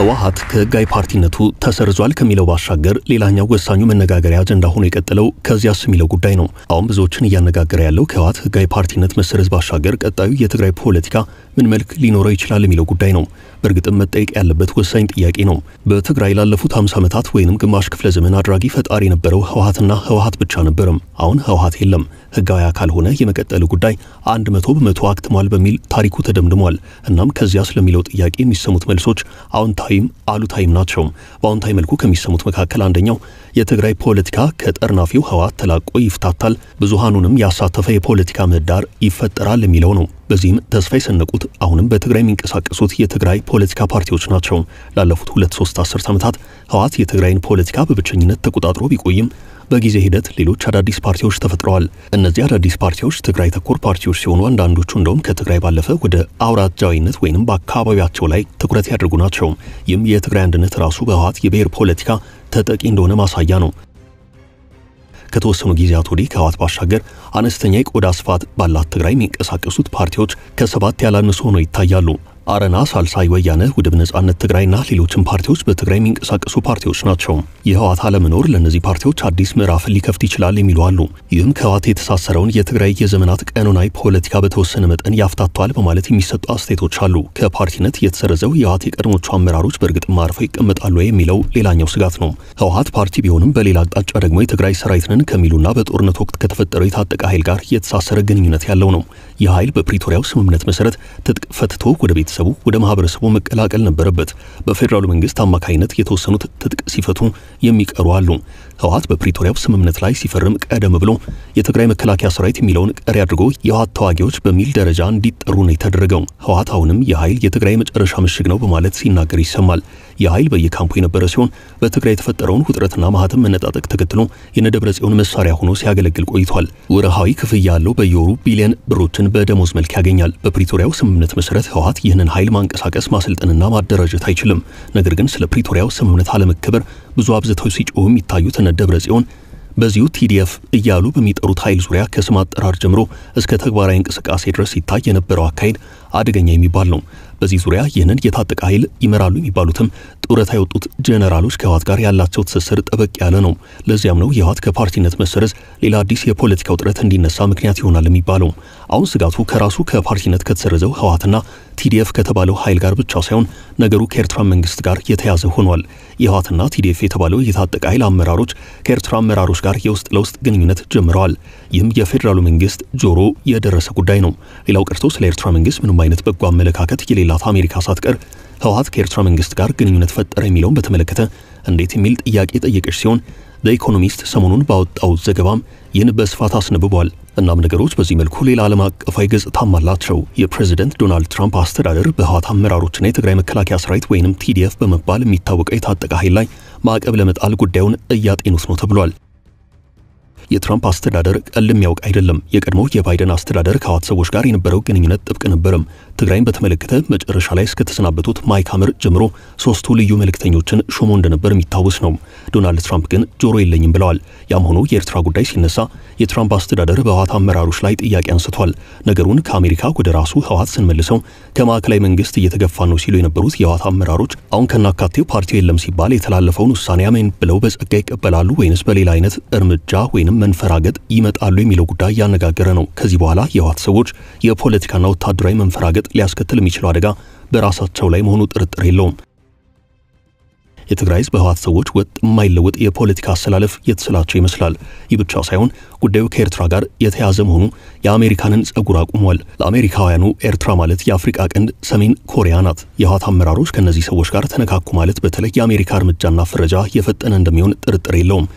ህወሓት ከህጋዊ ፓርቲነቱ ተሰርዟል ከሚለው ባሻገር ሌላኛው ወሳኙ መነጋገሪያ አጀንዳ ሆኖ የቀጠለው ከዚያስ የሚለው ጉዳይ ነው። አሁን ብዙዎችን እያነጋገረ ያለው ከህወሓት ህጋዊ ፓርቲነት መሰረዝ ባሻገር ቀጣዩ የትግራይ ፖለቲካ ምን መልክ ሊኖረው ይችላል የሚለው ጉዳይ ነው። በእርግጥም መጠየቅ ያለበት ወሳኝ ጥያቄ ነው። በትግራይ ላለፉት 50 ዓመታት ወይንም ግማሽ ክፍለ ዘመን አድራጊ ፈጣሪ የነበረው ህወሓትና ህወሓት ብቻ ነበርም። አሁን ህወሓት የለም። ህጋዊ አካል ሆነ የመቀጠሉ ጉዳይ አንድ መቶ በመቶ አክትሟል በሚል ታሪኩ ተደምድሟል። እናም ከዚያ ስለሚለው ጥያቄ የሚሰሙት መልሶች አዎንታዊም አሉታዊም ናቸው። በአዎንታዊ መልኩ ከሚሰሙት መካከል አንደኛው የትግራይ ፖለቲካ ከጠርናፊው ህወሓት ተላቆ ይፍታታል፣ ብዙሃኑንም ያሳተፈ የፖለቲካ ምህዳር ይፈጠራል የሚለው ነው። በዚህም ተስፋ የሰነቁት አሁንም በትግራይ የሚንቀሳቀሱት የትግራይ ፖለቲካ ፓርቲዎች ናቸው። ላለፉት ሁለት ሶስት አስርት ዓመታት ህወሓት የትግራይን ፖለቲካ በብቸኝነት ተቆጣጥሮ ቢቆይም በጊዜ ሂደት ሌሎች አዳዲስ ፓርቲዎች ተፈጥረዋል። እነዚህ አዳዲስ ፓርቲዎች ትግራይ ተኮር ፓርቲዎች ሲሆኑ አንዳንዶቹ እንደውም ከትግራይ ባለፈ ወደ አውራጃዊነት ወይም በአካባቢያቸው ላይ ትኩረት ያደርጉ ናቸው። ይህም የትግራይ አንድነት ራሱ በህወሓት የብሔር ፖለቲካ ተጠቂ እንደሆነ ማሳያ ነው። ከተወሰኑ ጊዜያት ወዲህ ከህወሓት ባሻገር አነስተኛ የቆዳ ስፋት ባላት ትግራይ የሚንቀሳቀሱት ፓርቲዎች ከሰባት ያላነሱ ሆነው ይታያሉ። አረና፣ ሳልሳይ ወያነ፣ ውድብ ነጻነት ትግራይና ሌሎችም ፓርቲዎች በትግራይ የሚንቀሳቀሱ ፓርቲዎች ናቸው። የህወሓት አለመኖር ለእነዚህ ፓርቲዎች አዲስ ምዕራፍን ሊከፍት ይችላል የሚሉ አሉ። ይህም ከህወሓት የተሳሰረውን የትግራይ የዘመናት ቀኖናዊ ፖለቲካ በተወሰነ መጠን ያፍታቷል በማለት የሚሰጡ አስተያየቶች አሉ። ከፓርቲነት የተሰረዘው የህወሓት የቀድሞቹ አመራሮች በእርግጥ አርፈው ይቀመጣሉ የሚለው ሌላኛው ስጋት ነው። ህወሓት ፓርቲ ቢሆንም በሌላ አቅጣጫ ደግሞ የትግራይ ሰራዊት ነን ከሚሉና በጦርነት ወቅት ከተፈጠረው የታጠቀ ኃይል ጋር የተሳሰረ ግንኙነት ያለው ነው። ይህ ኃይል በፕሪቶሪያው ስምምነት መሰረት ትጥቅ ፈትቶ ወደ ቤተሰ ማህበረሰቡ ወደ ማህበረሰቡ መቀላቀል ነበረበት። በፌዴራሉ መንግስት አማካኝነት የተወሰኑት ትጥቅ ሲፈቱ የሚቀሩ አሉ። ህወሓት በፕሪቶሪያው ስምምነት ላይ ሲፈርም ቀደም ብሎ የትግራይ መከላከያ ሰራዊት የሚለውን ቀሪ አድርጎ የህወሓት ተዋጊዎች በሚል ደረጃ እንዲጠሩ ነው የተደረገው። ህወሓት አሁንም የኃይል የትግራይ መጨረሻ ምሽግ ነው በማለት ሲናገር ይሰማል። የኃይል በየካምፑ የነበረ ሲሆን በትግራይ የተፈጠረውን ውጥረትና ማህተም መነጣጠቅ ተከትሎ የነደብረ ጽዮን መሳሪያ ሆኖ ሲያገለግል ቆይቷል። ወርሃዊ ክፍያ ያለው በየወሩ ቢሊዮን ብሮችን በደሞዝ መልክ ያገኛል። በፕሪቶሪያው ስምምነት መሰረት ህወሓት ይህንን ኃይል ማንቀሳቀስ ማሰልጠንና ማደራጀት አይችልም። ነገር ግን ስለ ፕሪቶሪያው ስምምነት አለመከበር ብዙ አብዝተው ሲጮሁ የሚታዩት እነ ጽዮን በዚሁ ቲዲኤፍ እያሉ በሚጠሩት ኃይል ዙሪያ ከስም አጠራር ጀምሮ እስከ ተግባራዊ እንቅስቃሴ ድረስ ሲታይ የነበረው አካሄድ አደገኛ የሚባል ነው። በዚህ ዙሪያ ይህንን የታጠቀ ኃይል ይመራሉ የሚባሉትም ጡረታ የወጡት ጀነራሎች ከህዋት ጋር ያላቸው ትስስር ጠበቅ ያለ ነው። ለዚያም ነው የዋት ከፓርቲነት መሰረዝ ሌላ አዲስ የፖለቲካ ውጥረት እንዲነሳ ምክንያት ይሆናል የሚባለው። አሁን ስጋቱ ከራሱ ከፓርቲነት ከተሰረዘው ህዋትና ቲዲኤፍ ከተባለው ኃይል ጋር ብቻ ሳይሆን ነገሩ ከኤርትራ መንግስት ጋር የተያዘ ሆኗል። የህዋትና ቲዲኤፍ የተባለው የታጠቀ ኃይል አመራሮች ከኤርትራ አመራሮች ጋር የውስጥ ለውስጥ ግንኙነት ጀምረዋል። ይህም የፌዴራሉ መንግስት ጆሮ የደረሰ ጉዳይ ነው። ሌላው ቀርቶ ስለ ኤርትራ መንግስት ምንም ምንም አይነት በጎ አመለካከት የሌላት አሜሪካ ሳትቀር ህወሀት ከኤርትራ መንግስት ጋር ግንኙነት ፈጠረ የሚለውን በተመለከተ እንዴት የሚል ጥያቄ ጠየቀች ሲሆን በኢኮኖሚስት ሰሞኑን ባወጣው ዘገባም ይህን በስፋት አስነብቧል። እናም ነገሮች በዚህ መልኩ ሌላ ዓለም አቀፋዊ ገጽታም አላቸው። የፕሬዚደንት ዶናልድ ትራምፕ አስተዳደር በህወሓት አመራሮችና የትግራይ መከላከያ ሰራዊት ወይንም ቲዲኤፍ በመባል የሚታወቀው የታጠቀ ኃይል ላይ ማዕቀብ ለመጣል ጉዳዩን እያጤኑት ነው ተብሏል። የትራምፕ አስተዳደር ቀልድ የሚያውቅ አይደለም። የቀድሞ የባይደን አስተዳደር ከህወሓት ሰዎች ጋር የነበረው ግንኙነት ጥብቅ ነበርም። ትግራይን በተመለከተ መጨረሻ ላይ እስከተሰናበቱት ማይክ ሀመር ጀምሮ ሶስቱ ልዩ መልእክተኞችን ሾሞ እንደነበር የሚታወስ ነው። ዶናልድ ትራምፕ ግን ጆሮ የለኝም ብለዋል። ያም ሆኖ የኤርትራ ጉዳይ ሲነሳ የትራምፕ አስተዳደር በህወሓት አመራሮች ላይ ጥያቄ አንስቷል። ነገሩን ከአሜሪካ ወደ ራሱ ህወሓት ስንመልሰው ከማዕከላዊ መንግስት እየተገፋ ነው ሲሉ የነበሩት የህወሓት አመራሮች አሁን ከናካቴው ፓርቲው የለም ሲባል የተላለፈውን ውሳኔ አሜን ብለው በጸጋ ይቀበላሉ ወይንስ በሌላ አይነት እርምጃ ወይንም መንፈራገጥ ይመጣሉ የሚለው ጉዳይ ያነጋገረ ነው። ከዚህ በኋላ የህወሓት ሰዎች የፖለቲካና ወታደራዊ መንፈራገጥ ሊያስከትል የሚችለው አደጋ በራሳቸው ላይ መሆኑ ጥርጥር የለውም። የትግራይ ህዝብ በህወሓት ሰዎች ወጥ የማይለወጥ የፖለቲካ አሰላለፍ የተስላቸው ይመስላል። ይህ ብቻ ሳይሆን ጉዳዩ ከኤርትራ ጋር የተያዘ መሆኑ የአሜሪካንን ጸጉር አቁሟል። ለአሜሪካውያኑ ኤርትራ ማለት የአፍሪቃ ቀንድ ሰሜን ኮሪያ ናት። የህወሓት አመራሮች ከእነዚህ ሰዎች ጋር ተነካኩ ማለት በተለይ የአሜሪካ እርምጃና ፍረጃ የፈጠነ እንደሚሆን ጥርጥር የለውም።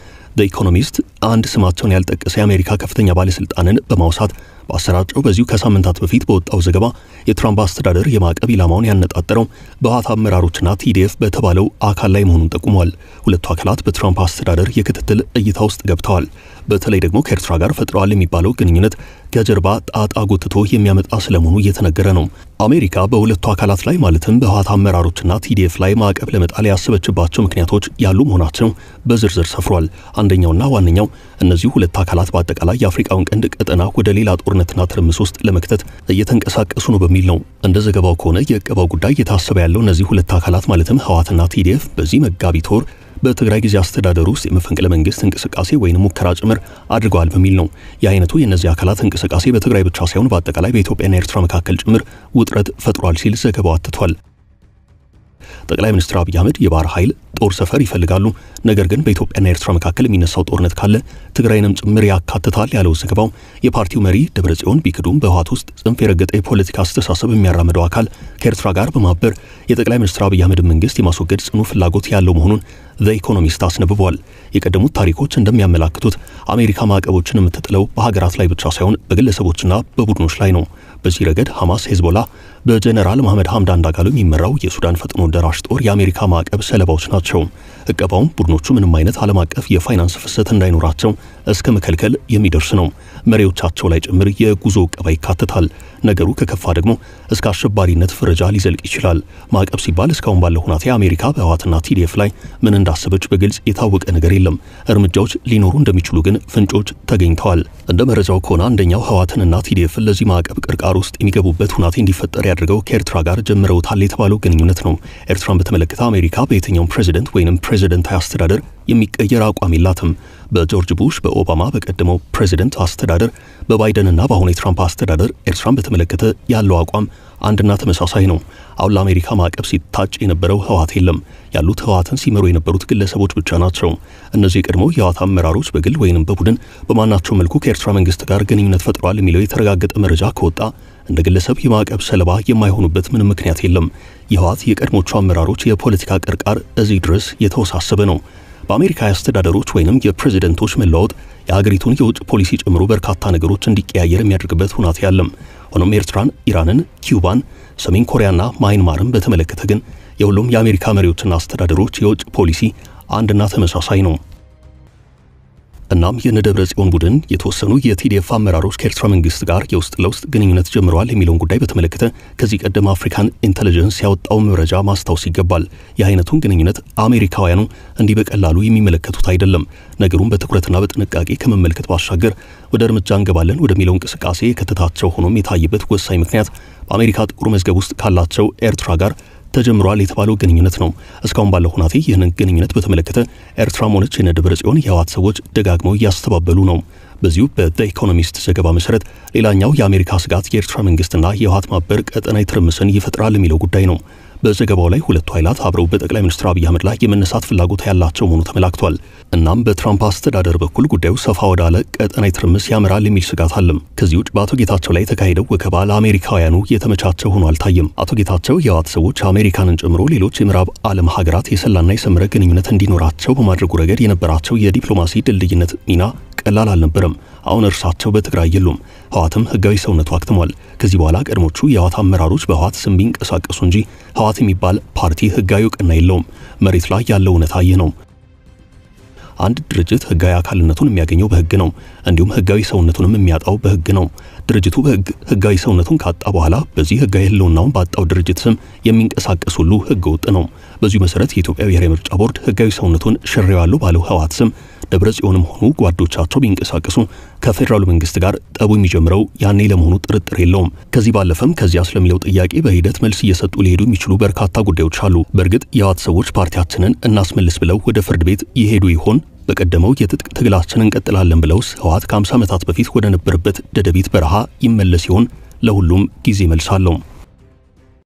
ኢኮኖሚስት አንድ ስማቸውን ያልጠቀሰ የአሜሪካ ከፍተኛ ባለስልጣንን በማውሳት በአሰራጨው በዚሁ ከሳምንታት በፊት በወጣው ዘገባ የትራምፕ አስተዳደር የማዕቀብ ኢላማውን ያነጣጠረው በህወሓት አመራሮችና ቲዲኤፍ በተባለው አካል ላይ መሆኑን ጠቁመዋል። ሁለቱ አካላት በትራምፕ አስተዳደር የክትትል እይታ ውስጥ ገብተዋል። በተለይ ደግሞ ከኤርትራ ጋር ፈጥረዋል የሚባለው ግንኙነት ከጀርባ ጣጣ ጎትቶ የሚያመጣ ስለመሆኑ እየተነገረ ነው። አሜሪካ በሁለቱ አካላት ላይ ማለትም በህወሓት አመራሮችና ቲዲኤፍ ላይ ማዕቀብ ለመጣል ያሰበችባቸው ምክንያቶች ያሉ መሆናቸው በዝርዝር ሰፍሯል። አንደኛውና ዋነኛው እነዚህ ሁለት አካላት በአጠቃላይ የአፍሪቃውን ቀንድ ቀጠና ወደ ሌላ ጦርነትና ትርምስ ውስጥ ለመክተት እየተንቀሳቀሱ ነው በሚል ነው። እንደ ዘገባው ከሆነ የእቀባው ጉዳይ እየታሰበ ያለው እነዚህ ሁለት አካላት ማለትም ህወሓትና ቲዲኤፍ በዚህ መጋቢት ወር በትግራይ ጊዜ አስተዳደር ውስጥ የመፈንቅለ መንግስት እንቅስቃሴ ወይም ሙከራ ጭምር አድርገዋል በሚል ነው። የአይነቱ የእነዚህ አካላት እንቅስቃሴ በትግራይ ብቻ ሳይሆን በአጠቃላይ በኢትዮጵያና ኤርትራ መካከል ጭምር ውጥረት ፈጥሯል ሲል ዘገባው አትቷል። ጠቅላይ ሚኒስትር አብይ አህመድ የባህር ኃይል ጦር ሰፈር ይፈልጋሉ። ነገር ግን በኢትዮጵያና ኤርትራ መካከል የሚነሳው ጦርነት ካለ ትግራይንም ጭምር ያካትታል ያለው ዘገባው የፓርቲው መሪ ደብረ ጽዮን ቢክዱም በህወሓት ውስጥ ጽንፍ የረገጠ የፖለቲካ አስተሳሰብ የሚያራምደው አካል ከኤርትራ ጋር በማበር የጠቅላይ ሚኒስትር አብይ አህመድ መንግስት የማስወገድ ጽኑ ፍላጎት ያለው መሆኑን ኢኮኖሚስት አስነብቧል። የቀደሙት ታሪኮች እንደሚያመላክቱት አሜሪካ ማዕቀቦችን የምትጥለው በሀገራት ላይ ብቻ ሳይሆን በግለሰቦችና በቡድኖች ላይ ነው። በዚህ ረገድ ሐማስ፣ ሄዝቦላ በጀኔራል መሐመድ ሀምዳን ዳጋሎ የሚመራው የሱዳን ፈጥኖ ደራሽ ጦር የአሜሪካ ማዕቀብ ሰለባዎች ናቸው። እቀባውም ቡድኖቹ ምንም አይነት ዓለም አቀፍ የፋይናንስ ፍሰት እንዳይኖራቸው እስከ መከልከል የሚደርስ ነው። መሪዎቻቸው ላይ ጭምር የጉዞ እቀባ ይካተታል። ነገሩ ከከፋ ደግሞ እስከ አሸባሪነት ፍረጃ ሊዘልቅ ይችላል። ማዕቀብ ሲባል እስካሁን ባለው ሁናቴ አሜሪካ በህዋትና ቲዲኤፍ ላይ ምን እንዳሰበች በግልጽ የታወቀ ነገር የለም። እርምጃዎች ሊኖሩ እንደሚችሉ ግን ፍንጮች ተገኝተዋል። እንደ መረጃው ከሆነ አንደኛው ህዋትንና ቲዲኤፍን ለዚህ ማዕቀብ ቅርቃር ውስጥ የሚገቡበት ሁናቴ እንዲፈጠር አድርገው ከኤርትራ ጋር ጀምረውታል የተባለው ግንኙነት ነው። ኤርትራን በተመለከተ አሜሪካ በየትኛውም ፕሬዚደንት ወይንም ፕሬዚደንታዊ አስተዳደር የሚቀየር አቋም የላትም። በጆርጅ ቡሽ፣ በኦባማ፣ በቀደመው ፕሬዚደንት አስተዳደር፣ በባይደንና በአሁኑ የትራምፕ አስተዳደር ኤርትራን በተመለከተ ያለው አቋም አንድና ተመሳሳይ ነው። አሁን ለአሜሪካ ማዕቀብ ሲታጭ የነበረው ህወሓት የለም። ያሉት ህወሓትን ሲመሩ የነበሩት ግለሰቦች ብቻ ናቸው። እነዚህ የቀድሞ የህወሓት አመራሮች በግል ወይንም በቡድን በማናቸው መልኩ ከኤርትራ መንግስት ጋር ግንኙነት ፈጥሯል የሚለው የተረጋገጠ መረጃ ከወጣ እንደ ግለሰብ የማዕቀብ ሰለባ የማይሆኑበት ምንም ምክንያት የለም። የህወሓት የቀድሞቹ አመራሮች የፖለቲካ ቅርቃር እዚህ ድረስ የተወሳሰበ ነው። በአሜሪካ የአስተዳደሮች ወይንም የፕሬዝደንቶች መለዋወጥ የአገሪቱን የውጭ ፖሊሲ ጨምሮ በርካታ ነገሮች እንዲቀያየር የሚያደርግበት ሁናቴ ያለም። ሆኖም ኤርትራን፣ ኢራንን፣ ኪዩባን፣ ሰሜን ኮሪያና ማይንማርን በተመለከተ ግን የሁሉም የአሜሪካ መሪዎችና አስተዳደሮች የውጭ ፖሊሲ አንድና ተመሳሳይ ነው። እናም የነደብረ ጽዮን ቡድን የተወሰኑ የቲዲኤፍ አመራሮች ከኤርትራ መንግስት ጋር የውስጥ ለውስጥ ግንኙነት ጀምረዋል የሚለውን ጉዳይ በተመለከተ ከዚህ ቀደም አፍሪካን ኢንተለጀንስ ያወጣው መረጃ ማስታወስ ይገባል። የአይነቱን ግንኙነት አሜሪካውያኑ እንዲህ በቀላሉ የሚመለከቱት አይደለም። ነገሩን በትኩረትና በጥንቃቄ ከመመልከት ባሻገር ወደ እርምጃ እንገባለን ወደሚለው እንቅስቃሴ የከተታቸው ሆኖም የታየበት ወሳኝ ምክንያት በአሜሪካ ጥቁር መዝገብ ውስጥ ካላቸው ኤርትራ ጋር ተጀምሯል የተባለው ግንኙነት ነው። እስካሁን ባለው ሁናቴ ይህንን ግንኙነት በተመለከተ ኤርትራም ሆነች የደብረ ጽዮን የህወሓት ሰዎች ደጋግመው እያስተባበሉ ነው። በዚሁ በዘ ኢኮኖሚስት ዘገባ መሰረት ሌላኛው የአሜሪካ ስጋት የኤርትራ መንግስትና የህወሓት ማበር ቀጠናዊ ትርምስን ይፈጥራል የሚለው ጉዳይ ነው። በዘገባው ላይ ሁለቱ ኃይላት አብረው በጠቅላይ ሚኒስትር አብይ አህመድ ላይ የመነሳት ፍላጎት ያላቸው መሆኑ ተመላክቷል። እናም በትራምፕ አስተዳደር በኩል ጉዳዩ ሰፋ ወዳለ ቀጠናዊ ትርምስ ያመራል የሚል ስጋት አለም። ከዚህ ውጭ በአቶ ጌታቸው ላይ የተካሄደው ወከባ ለአሜሪካውያኑ የተመቻቸው ሆኖ አልታየም። አቶ ጌታቸው የህወሓት ሰዎች አሜሪካንን ጨምሮ ሌሎች የምዕራብ ዓለም ሀገራት የሰላና የሰመረ ግንኙነት እንዲኖራቸው በማድረጉ ረገድ የነበራቸው የዲፕሎማሲ ድልድይነት ሚና ቀላል አልነበረም። አሁን እርሳቸው በትግራይ የሉም። ህዋትም ህጋዊ ሰውነቱ አክትሟል። ከዚህ በኋላ ቀድሞቹ የህዋት አመራሮች በህዋት ስም ቢንቀሳቀሱ እንጂ ህዋት የሚባል ፓርቲ ህጋዊ እውቅና የለውም። መሬት ላይ ያለው እውነታ ይህ ነው። አንድ ድርጅት ህጋዊ አካልነቱን የሚያገኘው በህግ ነው። እንዲሁም ህጋዊ ሰውነቱንም የሚያጣው በህግ ነው። ድርጅቱ በህግ ህጋዊ ሰውነቱን ካጣ በኋላ በዚህ ህጋዊ ህልውናውን ባጣው ድርጅት ስም የሚንቀሳቀስ ሁሉ ህገ ወጥ ነው። በዚሁ መሰረት የኢትዮጵያ ብሔራዊ ምርጫ ቦርድ ህጋዊ ሰውነቱን ሽሬዋለሁ ባለው ህወሓት ስም ደብረ ጽዮንም ሆኑ ጓዶቻቸው ቢንቀሳቀሱ ከፌዴራሉ መንግስት ጋር ጠቡ የሚጀምረው ያኔ ለመሆኑ ጥርጥር የለውም። ከዚህ ባለፈም ከዚያ ስለሚለው ጥያቄ በሂደት መልስ እየሰጡ ሊሄዱ የሚችሉ በርካታ ጉዳዮች አሉ። በእርግጥ የህወሓት ሰዎች ፓርቲያችንን እናስመልስ ብለው ወደ ፍርድ ቤት ይሄዱ ይሆን? በቀደመው የትጥቅ ትግላችን እንቀጥላለን ብለውስ ህወሓት ከ50 ዓመታት በፊት ወደ ነበረበት ደደቢት በረሃ ይመለስ ይሆን? ለሁሉም ጊዜ መልስ አለው።